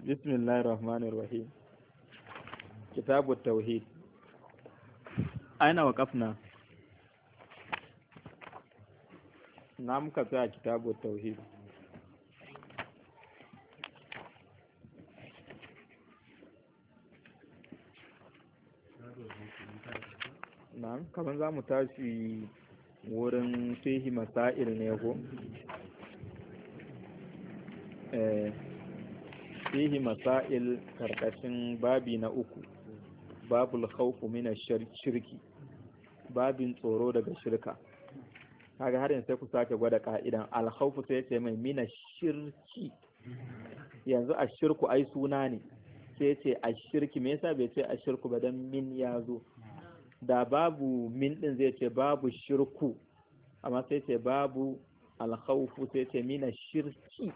bismillahir rahmanir rahim kitabu tauhid aina waqafna na muka tsaya kitabu tauhid na'am kamar za mu wurin fihi masa'il ne ko eh. fihi masail karkashin babi na uku babul khawfu min shirki babin tsoro daga shirka kaga har yanzu sai ku sake gwada ka'idan al khawfu sai ce mai shirki yanzu a shirku ai suna ne sai ce a shirki me yasa bai ce a shirku ba dan min ya zo da babu min din zai ce babu shirku amma sai ce babu alkhawfu sai ce mina shirki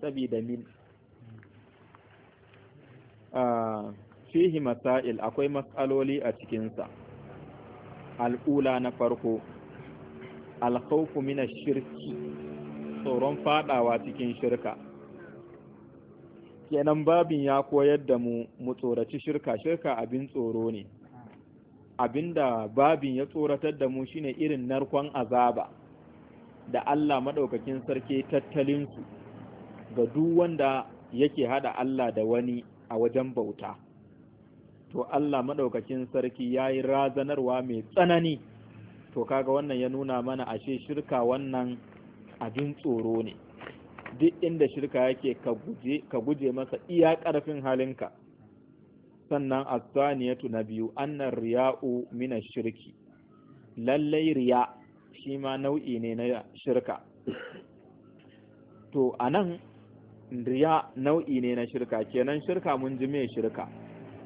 sabida min Ah, fihi masail akwai matsaloli a cikinsa al'ula na farko alkhawfu min shirki tsoron fadawa cikin shirka kenan babin ya koyar da mu mu tsoraci shirka shirka abin tsoro ne abinda babin ya tsoratar da mu shine irin narkon azaba da Allah madaukakin sarki tattalinsu ga duk wanda yake hada Allah da wani a wajen bauta to Allah maɗaukacin sarki ya yi razanarwa mai tsanani to kaga wannan ya nuna mana ashe shirka wannan abin tsoro ne duk inda shirka yake ka guje masa iya ƙarfin halinka sannan asaniyatu na biyu annan riya'u mina shirki lallai riya shi ma nau'i ne na shirka to a nan. riya nau'i ne na shirka kenan shirka mun ji mai shirka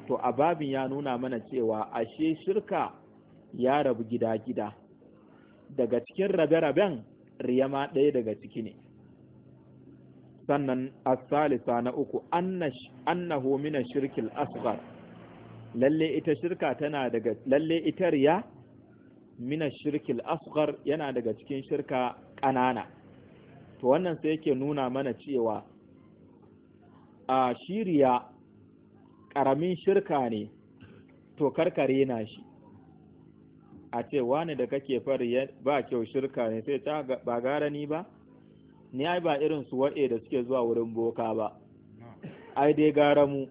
to a babin ya nuna mana cewa ashe shirka ya rabu gida-gida daga cikin rabe-raben riya ma ɗaya daga ciki ne sannan asalisa na uku annahu mina shirkil asghar lalle ita shirka tana daga lalle ita riya mina shirkil asghar yana daga cikin shirka ƙanana to wannan sai yake nuna mana cewa a shiriya ƙaramin shirka ne to karkare na shi a ce wani da kake fari ba kyau shirka ne sai ta ba gara ni ba ni ai ba irin su wa'e da suke zuwa wurin boka ba ai dai gara mu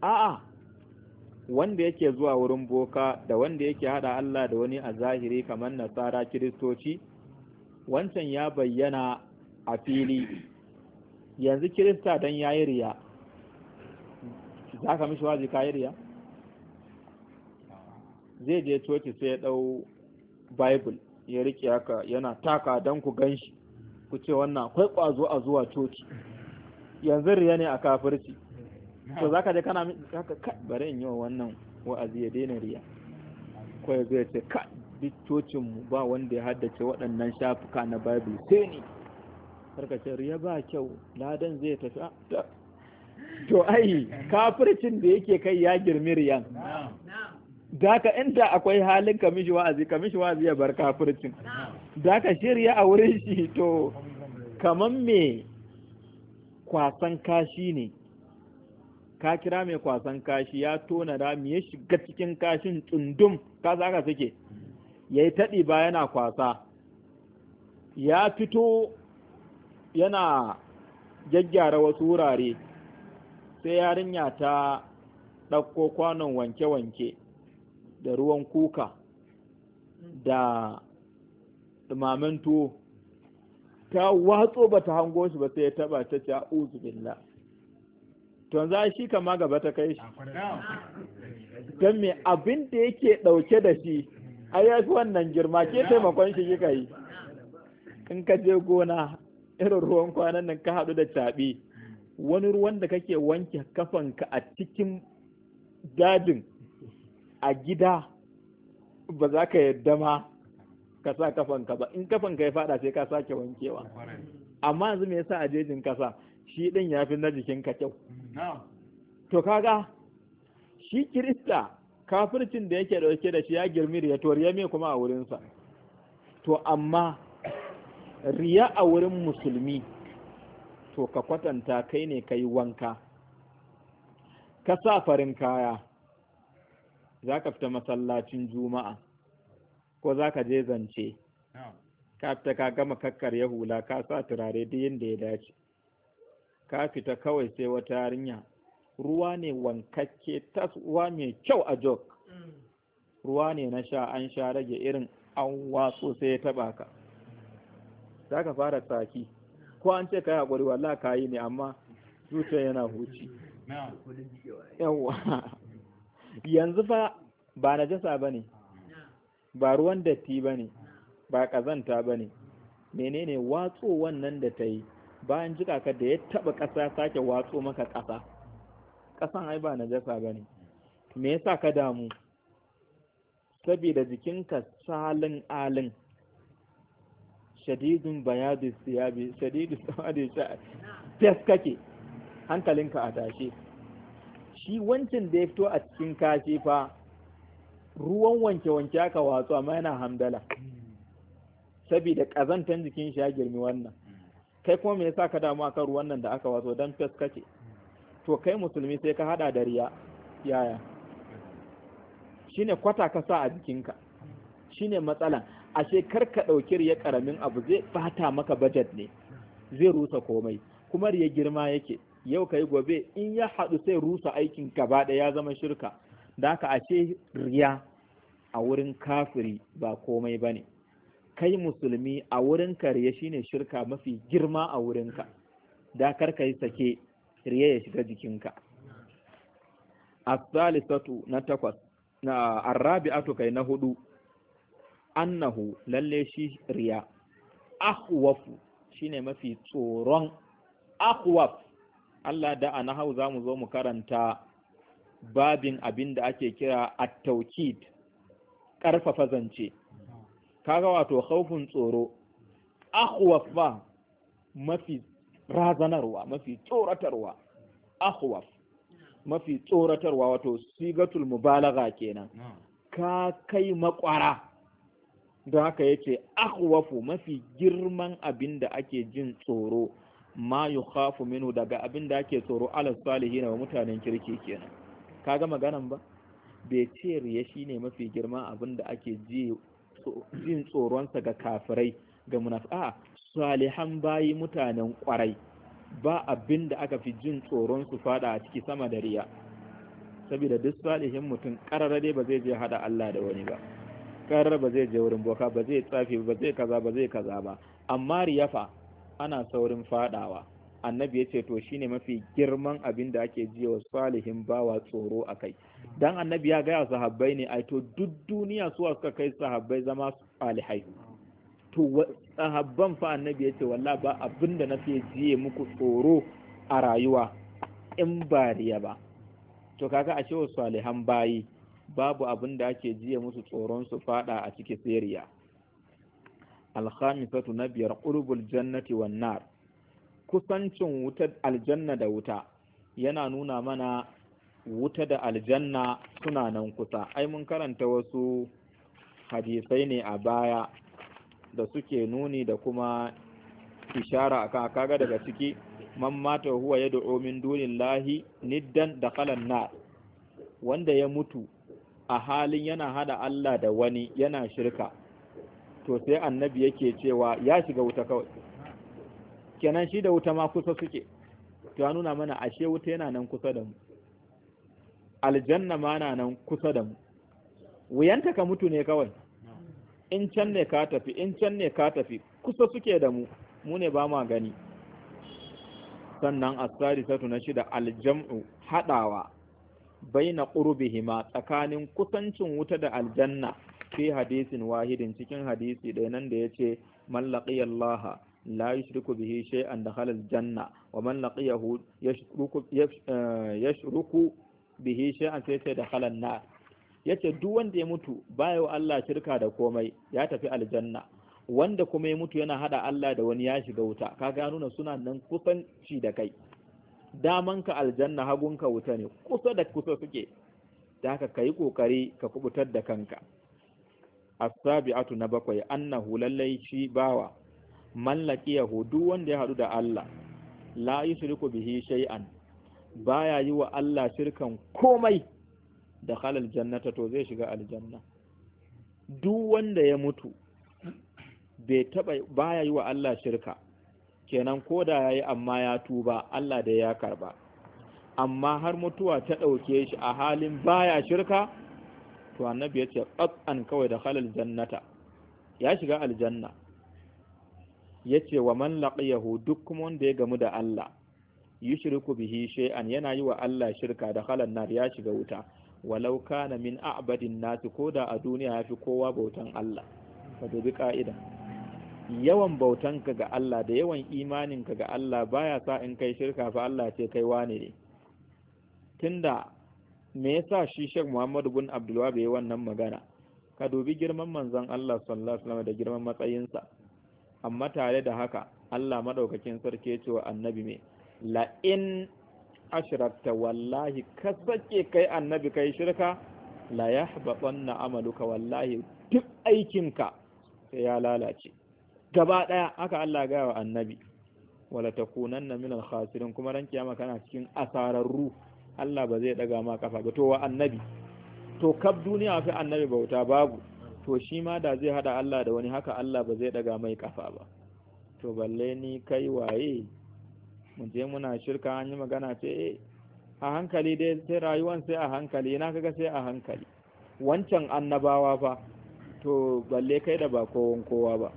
a'a wanda yake zuwa wurin boka da wanda yake hada Allah da wani a zahiri kamar nasara kiristoci wancan ya bayyana a fili yanzu kirista dan ya riya za ka mishi waje ka yi riya zai je coci sai ya ɗau bible ya rike haka yana taka don ku ganshi shi ku ce wannan akwai ƙwazo a zuwa coci yanzu riya ne a kafirci to za ka je kana haka bari in yi wa wannan wa'azi ya daina riya ko ya ce ka duk cocinmu ba wanda ya haddace waɗannan shafuka na bible sai ni karkace riya ba kyau ladan zai tafi ah, to ai kafircin da yake kai ya girmi riyan daka inda akwai halin kamishi wa'azi kamishi wa'azi ya bar kafircin daka shirya a wurin shi to kaman me kwasan kashi ne ka kira mai kwasan kashi ya tona rami ya shiga cikin kashin tundum ka zaka suke ya yi taɗi ba yana kwasa ya fito yana gyaggyara wasu wurare sai yarinya ta ɗauko kwanon wanke-wanke da ruwan kuka da ɗumamen tuwo ta watso ba ta hango shi ba sai ya taba ta ci a billah to za shi kama gaba ta kai shi don me abin da yake ɗauke da shi a ya wannan girma ke taimakon shi kika yi in ka je gona irin ruwan kwanan nan ka haɗu da caɓi wani ruwan da kake wanke kafanka a cikin dajin a gida ba za ka yadda ma ka sa kafanka ba in kafanka ya fada sai ka sake wankewa amma yanzu me yasa a jejin kasa shi din ya fi na jikinka kyau to kaga shi kirista kafircin da yake dauke da shi ya girmi da ya toriya me kuma a wurinsa to amma riya a wurin musulmi to ka kwatanta kai ne ka yi wanka ka sa farin kaya za ka fita masallacin juma'a ko za ka je zance ka fita ka gama kakkar ya hula ka sa turare duk yadda ya dace ka fita kawai sai wata yarinya ruwa ne wankakke tas uwa mai kyau a jok mm. ruwa ne na sha an sha rage irin an waso sai ya taba ka za ka fara tsaki ko an ce ka yi haƙuri wallah ka yi ne amma zuciya yana huci yawa yanzu fa ba na jasa ba ne ba ruwan datti ba ne ba ƙazanta ba ne menene watso wannan da ta yi bayan jika ka da ya taɓa ƙasa sake watso maka ƙasa ƙasan ai ba na jasa ba ne me yasa ka damu saboda jikinka salin alin shadidun bayadu siyabi shadidu samadi fes kake hankalinka a tashe shi wancan da ya fito a cikin kashi fa ruwan wanke-wanke aka watsu amma yana hamdala saboda ƙazantan jikin shi ya girmi wannan kai kuma me yasa ka damu akan ruwan nan da aka watsu dan fes kake to kai musulmi sai ka hada da riya yaya shine kwata ka sa a jikinka shine matsalan ashe kar ka ɗauki riya ƙaramin abu zai bata maka bajet ne zai rusa komai kuma riya girma yake yau ka yi gobe in ya haɗu sai rusa aikin gaba ɗaya ya zama shirka da haka ashe riya a wurin kafiri ba komai ba ne kai musulmi a wurin ka riya shine shirka mafi girma a wurin ka. da kar ka yi sake riya ya shiga jikinka Asali salisatu na takwas na kai na hudu annahu lalle shi riya ahwafu shine mafi tsoron ahwaf Allah da a nahau za mu zo mu karanta babin abin da ake kira at-tawkid ƙarfafa zance kaga wato khaufin tsoro ahwaf ba mafi razanarwa mafi tsoratarwa ahwaf mafi tsoratarwa wato sigatul mubalagha kenan ka kai makwara don haka ya ce ahuwafu mafi girman abin da ake jin tsoro ma hafu minu daga abin da ake tsoro ala na wa mutanen kirki kenan ka kaga maganan ba bai ce ya shine mafi girman abin da ake jin tsoronsa ga kafirai ga a salihan bayi mutanen kwarai ba abin da aka fi jin tsoronsu su fada a ciki sama da riya saboda duk salihin mutum kararra dai ba zai je hada Allah da wani ba karar ba zai je wurin boka ba zai tsafi ba zai kaza ba zai kaza ba amma riyafa ana saurin fadawa annabi ya ce to shine mafi girman abin da ake ji wa salihin bawa tsoro a kai dan annabi ya gaya sahabbai ne ai to duk duniya su suka kai sahabbai zama salihai to sahabban fa annabi ya ce wallahi ba abin da na fiye jiye muku tsoro a rayuwa in ba riya ba to kaga ashe wa salihan bayi babu abin da ake jiya musu tsoron su fada a ciki siriya alhamisatu na biyar qurbul jannati wan nar kusancin wutar aljanna da wuta yana nuna mana wuta da aljanna suna nan kusa ai mun karanta wasu hadisai ne a baya da suke nuni da kuma ishara akan kaga daga ciki man mata huwa yad'u min dunillahi niddan dakhala nar wanda ya mutu a halin yana hada Allah da wani yana shirka to sai annabi yake cewa ya shiga wuta kawai kenan shi da wuta ma kusa suke to ya nuna mana ashe wuta yana nan kusa da mu aljanna ma na nan kusa da mu wuyanta ka mutu ne kawai in can ne ka tafi in can ne ka tafi kusa suke da mu mu ne ba ma gani sannan asari satu na shida aljam'u hadawa baina qurbihima tsakanin kusancin wuta da aljanna fi hadisin wahidin cikin hadisi ɗaya nan da yace man laqiya Allah la yushriku bihi shay'an dakhala aljanna wa man laqiyahu yashruku eh, yashruku bihi shay'an sai dakhala yace duk wanda ya mutu baya wa Allah shirka da komai ya tafi aljanna wanda kuma ya mutu yana hada Allah da wani ya shiga wuta kaga gano na suna nan kusanci da kai damanka aljanna hagunka wuta ne kusa da kusa suke da haka ka yi ƙoƙari ka kubutar da kanka asabi'atu na bakwai annahu lallai shi bawa mallaki Duk wanda ya haɗu da Allah la yushriku bihi shay'an baya yi wa Allah shirkan komai da halal jannata to zai shiga aljanna duk wanda ya mutu bai taba baya yi wa Allah shirka kenan ko da ya yi amma ya tuba Allah da ya karba amma har mutuwa ta ɗauke shi a halin baya shirka to annabi ya ce an kawai da halal jannata ya shiga aljanna ya ce wa man laqiyahu duk kuma wanda ya gamu da Allah yushriku bihi shay'an yana yi wa Allah shirka da halal nar ya shiga wuta walau kana min a'badin nasi koda a duniya ya fi kowa bautan Allah ka dubi ka'ida yawan bautanka ga Allah da yawan imaninka ga Allah baya sa in kai shirka fa Allah ce kai wane ne tunda me yasa shi Sheikh Muhammad bin Abdul Wahab yayi wannan magana ka dubi girman manzon Allah sallallahu alaihi wasallam da girman matsayinsa amma tare da haka Allah madaukakin sarki ya ce wa annabi me la in ashrakta wallahi ka sake kai annabi kai shirka la yahbatanna amaluka wallahi duk aikinka sai ya lalace gaba ɗaya haka Allah gaya wa annabi wala takunanna minal khasirin kuma ran kiyama kana cikin asararru Allah ba zai daga ma kafa ba to wa annabi to kab duniya fi annabi bauta babu to shi ma da zai hada Allah da wani haka Allah ba zai daga mai kafa ba to balle ni kai waye mun je muna shirka an yi magana ce eh a hankali dai sai rayuwan sai a hankali na kaga sai a hankali wancan annabawa fa to balle kai da ba kowan kowa ba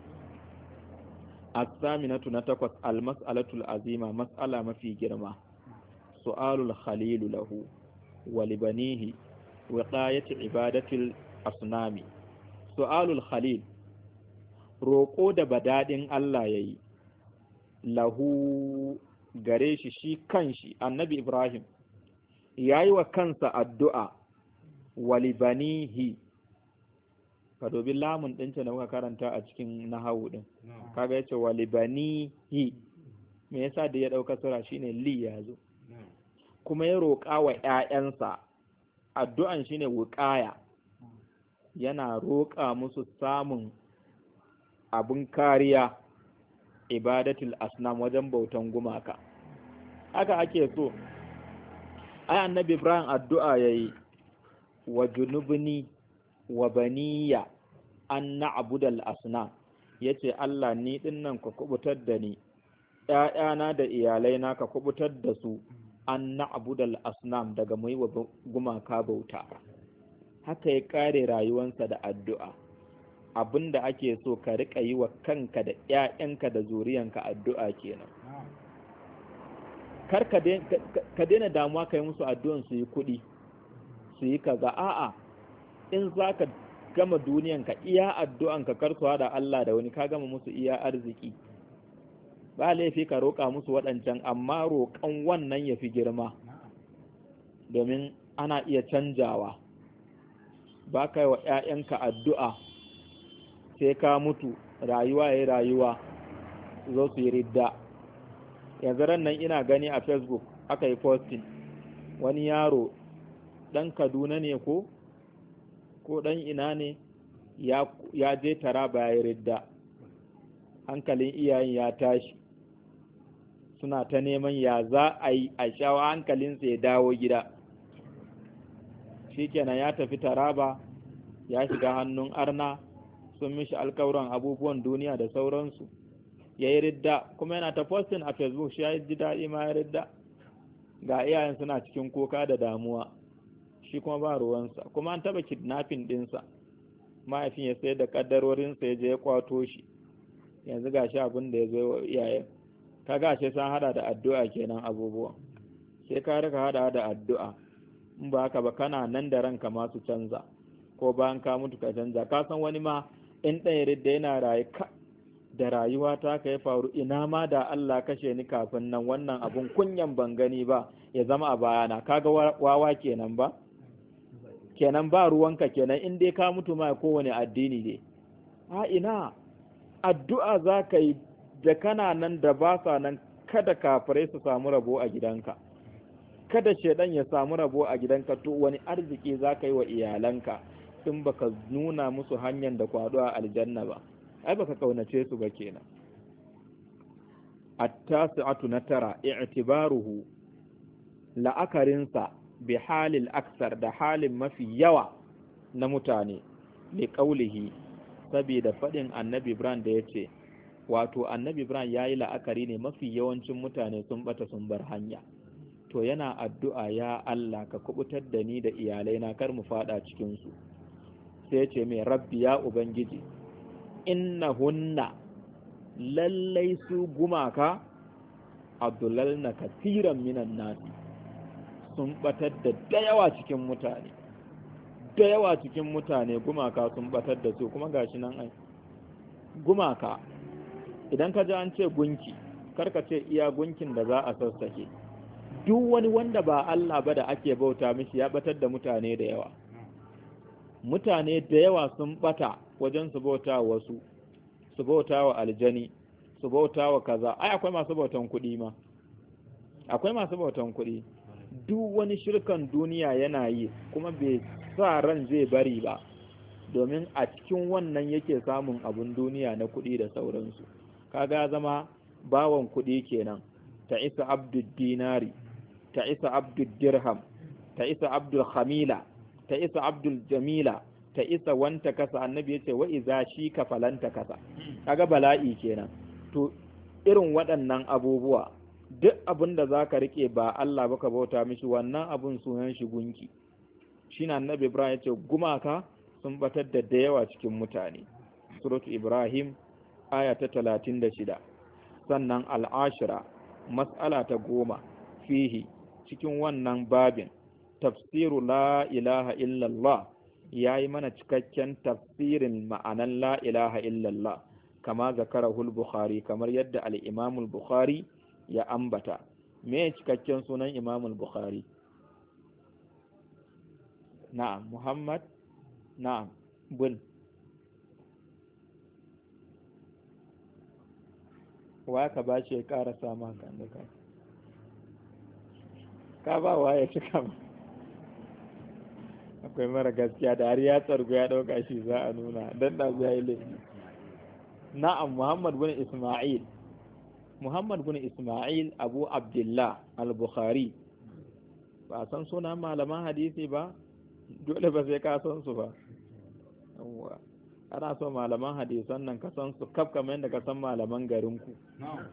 Asaminatu na takwas al-mas'alatul azima mas'ala mafi girma su'alul khalilu lahu wa libanihi wa qayati ibadatil asnami su'alul khalil roƙo da badadin Allah yayi lahu gare shi shi kanshi annabi Ibrahim ya yi wa kansa addu'a wa libanihi ka dobi lamun ɗinta na muka karanta a cikin nahawu ɗin kaga yace walibani hi. me yasa da ya ɗauka sura shine li ya zo kuma ya roƙa wa ƴaƴansa addu'an shine wuƙaya yana roƙa musu samun abin kariya ibadatul asnam wajen bautan gumaka haka ake so ai annabi ibrahim addu'a yayi wa junubni wa baniya an na'budal asna yace Allah ni nan ka kubutar da ni ‘ya'yana da iyalaina ka kubutar da su an na'budal asnam daga mai wa gumaka bauta haka ya kare rayuwansa da addu'a abin da ake so ka riƙa yi wa kanka da ‘ya'yanka da zuriyanka addu'a kenan kar ka daina damuwa ka yi musu addu'an su yi kuɗi su yi kaza a'a in za ka gama ka iya addu'an ka karsu da Allah da wani ka gama musu iya arziki ba laifi ka roƙa musu waɗancan amma roƙon wannan ya fi girma domin ana iya canjawa ba kai wa ‘ya'yanka addu'a sai ka mutu rayuwa ya rayuwa zo su yi ridda yanzu ran nan ina gani a facebook aka yi posting wani yaro ɗan kaduna ne ko ko dan ina ne ya je tara bayan ridda hankalin iyayen ya tashi suna ta neman ya za a yi a shawa hankalinsa ya dawo gida shikenan ya tafi taraba ya shiga hannun arna sun mishi alkawuran abubuwan duniya da sauransu ya yi ridda kuma yana ta postin a facebook shi ya ji daɗi ma ya ridda ga iyayen suna cikin kuka da damuwa shi kuma ba ruwansa kuma an taba kidnapping dinsa mahaifin ya sayar da kaddarorinsa ya je ya kwato shi yanzu gashi abin da ya zo iyayen ka gashe san hada da addu'a kenan abubuwan sai ka rika hada da addu'a in ba haka ba kana nan da ranka ma su canza ko bayan ka mutu ka canza ka san wani ma in ɗan yarda yana raye ka da rayuwa ta ka ya faru ina ma da Allah kashe ni kafin nan wannan abun kunyan ban gani ba ya zama a bayana kaga wawa kenan ba kenan ba ruwanka kenan in dai ka mutu ma kowane addini ne a ina addu'a za ka yi da kana nan da ba sa nan kada kafirai su samu rabo a gidanka kada shaidan ya samu rabo a gidanka to wani arziki za ka yi wa iyalanka in baka nuna musu hanyar da kwado a aljanna ba ai baka kaunace su ba kenan at-tasi'atu na tara i'tibaruhu la'akarinsa bi halil aksar da halin mafi yawa na mutane li qaulihi saboda faɗin annabi Ibrahim da ya ce wato annabi Ibrahim ya yi la'akari ne mafi yawancin mutane sun bata sun bar hanya to yana addu'a ya Allah ka kubutar da ni da iyalaina kar mu fada cikinsu sai ce mai rabbi ya ubangiji innahunna lallai su gumaka abdulal na kasiran minan nasi sun batar da dayawa cikin mutane dayawa cikin mutane gumaka sun batar da su kuma gashi nan ai gumaka idan ka ji an ce gunki karka ce iya gunkin da za a sassake duk wani wanda ba Allah ba da ake bauta mishi ya batar da mutane da yawa mutane da yawa sun bata wajen su bauta wasu su bauta wa aljani su bauta wa kaza ai akwai masu bautan kuɗi ma akwai masu bautan kuɗi duk wani shirkan duniya yana yi kuma bai sa ran zai bari ba domin a cikin wannan yake samun abun duniya na kuɗi da sauransu kaga zama bawan kuɗi kenan ta isa abdul dinari ta isa abdul dirham ta isa abdul hamila ta isa abdul jamila ta isa wanta kasa annabi yace wa iza shi ka falanta kasa kaga bala'i kenan to irin waɗannan abubuwa duk abin da za ka riƙe ba Allah ba ka bauta mishi wannan abin sunan shi gunki shi na annabi ibrahim ya ce gumaka sun batar da da yawa cikin mutane suratu ibrahim aya ta talatin da shida sannan al'ashira mas'ala ta goma fihi cikin wannan babin tafsiru la ilaha illallah ya yi mana cikakken tafsirin ma'anan la ilaha illallah kama hul bukhari kamar yadda al'imamul bukhari ya ambata me cikakken sunan imam al-bukhari na'am muhammad na'am bin wa ka ba ce ya sama maka da ka ka ba wa ya cika kama? akwai mara gaskiya da har ya tsargu ya ɗauka shi za a nuna dan da zai na'am muhammad bin isma'il Muhammad bin Ismail Abu Abdullah al-Bukhari ba san suna malaman hadisi ba dole ba sai ka san su ba ana so malaman hadisan nan ka san su kaf kamar yadda ka san malaman garin ku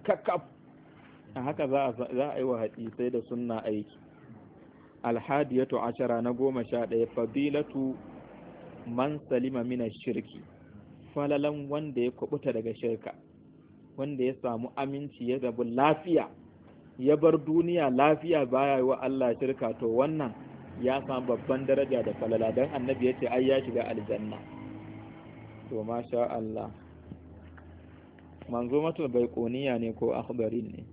kakaf a haka za a yi wa hadisai da sunna aiki alhadiyatu ashara na goma sha ɗaya fadilatu man salima mina shirki falalan wanda ya kubuta daga shirka wanda ya samu aminci ya rabu lafiya ya bar duniya lafiya baya wa Allah shirka to wannan ya samu babban daraja da falala don annabi ya ce ai ya shiga aljanna to masha Allah manzo bai koniya ne ko akhbarin ne